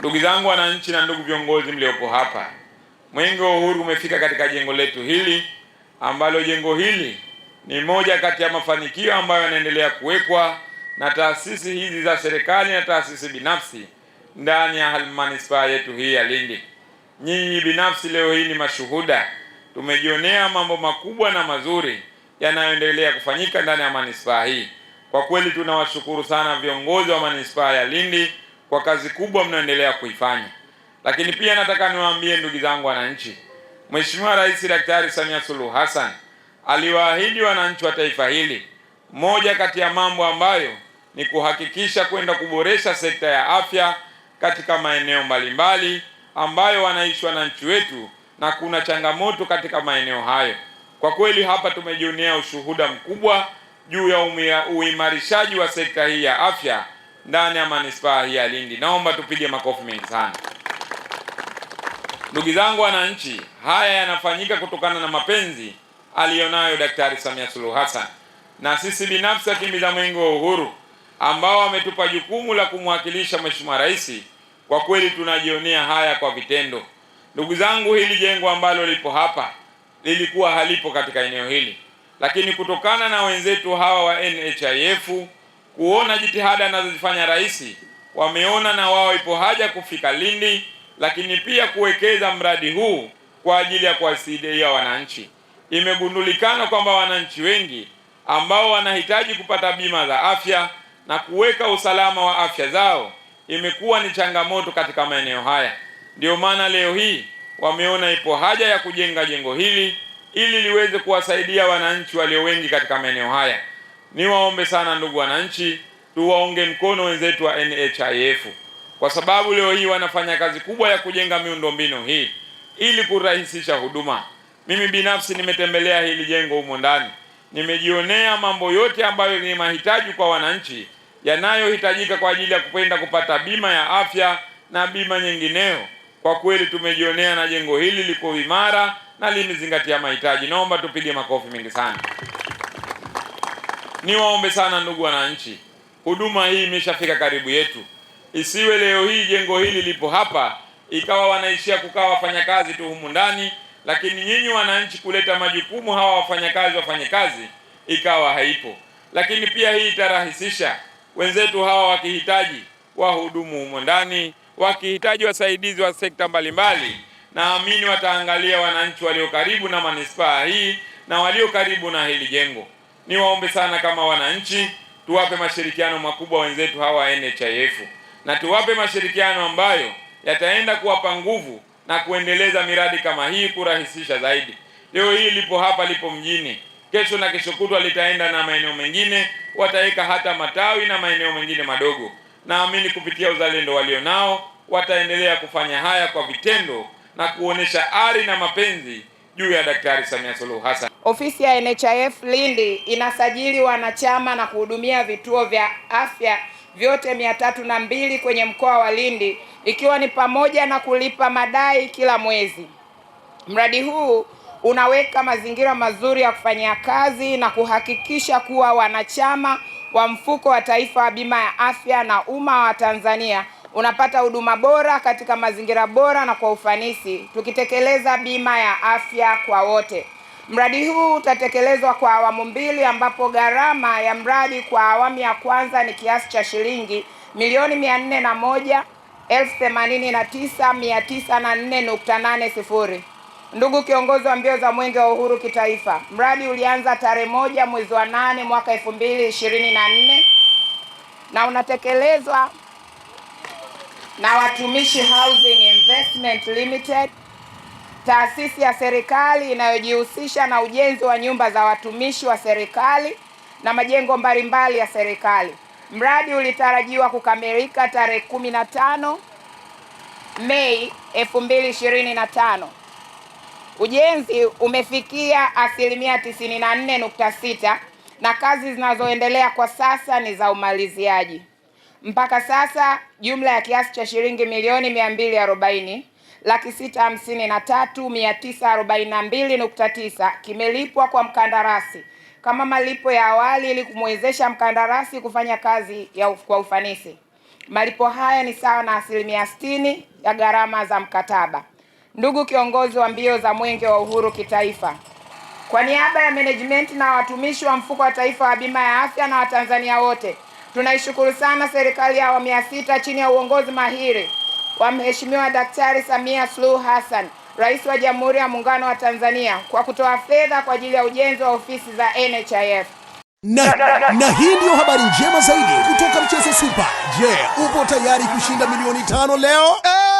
Ndugu zangu wananchi na ndugu viongozi mliopo hapa, mwenge wa uhuru umefika katika jengo letu hili ambalo jengo hili ni moja kati ya mafanikio ambayo yanaendelea kuwekwa na taasisi hizi za serikali na taasisi binafsi ndani ya halmanispaa yetu hii ya Lindi. Nyinyi binafsi leo hii ni mashuhuda, tumejionea mambo makubwa na mazuri yanayoendelea kufanyika ndani ya manispaa hii. Kwa kweli tunawashukuru sana viongozi wa manispaa ya Lindi kwa kazi kubwa mnaendelea kuifanya. Lakini pia nataka niwaambie ndugu zangu wananchi, Mheshimiwa Rais Daktari Samia Suluhu Hassan aliwaahidi wananchi wa taifa hili moja kati ya mambo ambayo ni kuhakikisha kwenda kuboresha sekta ya afya katika maeneo mbalimbali ambayo wanaishi wananchi wetu, na kuna changamoto katika maeneo hayo. Kwa kweli hapa tumejionea ushuhuda mkubwa juu ya uimarishaji wa sekta hii ya afya ndani ya manispaa hii ya Lindi. Naomba tupige makofi mengi sana. Ndugu zangu wananchi, haya yanafanyika kutokana na mapenzi aliyonayo Daktari Samia Suluhu Hassan na sisi binafsi akimbiza mwenge wa uhuru ambao ametupa jukumu la kumwakilisha Mheshimiwa Rais. Kwa kweli tunajionea haya kwa vitendo. Ndugu zangu, hili jengo ambalo lipo hapa lilikuwa halipo katika eneo hili, lakini kutokana na wenzetu hawa wa NHIF kuona jitihada anazozifanya rais, wameona na wao ipo haja kufika Lindi, lakini pia kuwekeza mradi huu kwa ajili ya kuwasaidia wananchi. Imegundulikana kwamba wananchi wengi ambao wanahitaji kupata bima za afya na kuweka usalama wa afya zao imekuwa ni changamoto katika maeneo haya. Ndiyo maana leo hii wameona ipo haja ya kujenga jengo hili ili liweze kuwasaidia wananchi walio wengi katika maeneo haya niwaombe sana ndugu wananchi, tuwaunge mkono wenzetu wa NHIF kwa sababu leo hii wanafanya kazi kubwa ya kujenga miundombinu hii ili kurahisisha huduma. Mimi binafsi nimetembelea hili jengo humo ndani, nimejionea mambo yote ambayo ni mahitaji kwa wananchi yanayohitajika kwa ajili ya kupenda kupata bima ya afya na bima nyingineyo. Kwa kweli tumejionea, na jengo hili liko imara na limezingatia mahitaji. Naomba tupige makofi mengi sana. Niwaombe sana ndugu wananchi, huduma hii imeshafika karibu yetu, isiwe leo hii jengo hili lipo hapa ikawa wanaishia kukaa wafanyakazi tu humu ndani, lakini nyinyi wananchi kuleta majukumu hawa wafanyakazi wafanye kazi ikawa haipo. Lakini pia hii itarahisisha wenzetu hawa wakihitaji wahudumu humo ndani, wakihitaji wasaidizi wa sekta mbalimbali, naamini wataangalia wananchi walio karibu na manispaa hii na walio karibu na hili jengo. Niwaombe sana kama wananchi, tuwape mashirikiano makubwa wenzetu hawa NHIF na tuwape mashirikiano ambayo yataenda kuwapa nguvu na kuendeleza miradi kama hii, kurahisisha zaidi. Leo hii lipo hapa, lipo mjini, kesho na kesho kutwa litaenda na maeneo mengine, wataweka hata matawi na maeneo mengine madogo. Naamini kupitia uzalendo walionao wataendelea kufanya haya kwa vitendo na kuonesha ari na mapenzi juu ya Daktari Samia Suluhu Hassan. Ofisi ya NHIF Lindi inasajili wanachama na kuhudumia vituo vya afya vyote mia tatu na mbili kwenye mkoa wa Lindi ikiwa ni pamoja na kulipa madai kila mwezi. Mradi huu unaweka mazingira mazuri ya kufanyia kazi na kuhakikisha kuwa wanachama wa mfuko wa taifa wa bima ya afya na umma wa Tanzania unapata huduma bora katika mazingira bora na kwa ufanisi, tukitekeleza bima ya afya kwa wote. Mradi huu utatekelezwa kwa awamu mbili, ambapo gharama ya mradi kwa awamu ya kwanza ni kiasi cha shilingi milioni mia nne na moja elfu themanini na tisa mia tisa na nne nukta nane sifuri. Ndugu kiongozi wa mbio za mwenge wa uhuru kitaifa, mradi ulianza tarehe moja mwezi wa nane mwaka elfu mbili ishirini na nne na unatekelezwa na Watumishi Housing Investment Limited, taasisi ya serikali inayojihusisha na ujenzi wa nyumba za watumishi wa serikali na majengo mbalimbali ya serikali. Mradi ulitarajiwa kukamilika tarehe 15 Mei 2025. Ujenzi umefikia asilimia 94.6 na kazi zinazoendelea kwa sasa ni za umaliziaji. Mpaka sasa jumla ya kiasi cha shilingi milioni mia arobaini laki sita hamsini na tatu mia tisa arobaini na mbili nukta tisa kimelipwa kwa mkandarasi kama malipo ya awali ili kumwezesha mkandarasi kufanya kazi ya kwa ufanisi. Malipo haya ni sawa na asilimia sitini ya gharama za mkataba. Ndugu kiongozi wa mbio za Mwenge wa Uhuru kitaifa, kwa niaba ya management na watumishi wa Mfuko wa Taifa wa Bima ya Afya na Watanzania wote Tunaishukuru sana serikali ya awamu ya sita chini ya uongozi mahiri wa Mheshimiwa Daktari Samia Suluhu Hassan, Rais wa Jamhuri ya Muungano wa Tanzania kwa kutoa fedha kwa ajili ya ujenzi wa ofisi za NHIF. Na, na hii ndiyo habari njema zaidi kutoka Mchezo Super. Je, upo tayari kushinda milioni tano leo?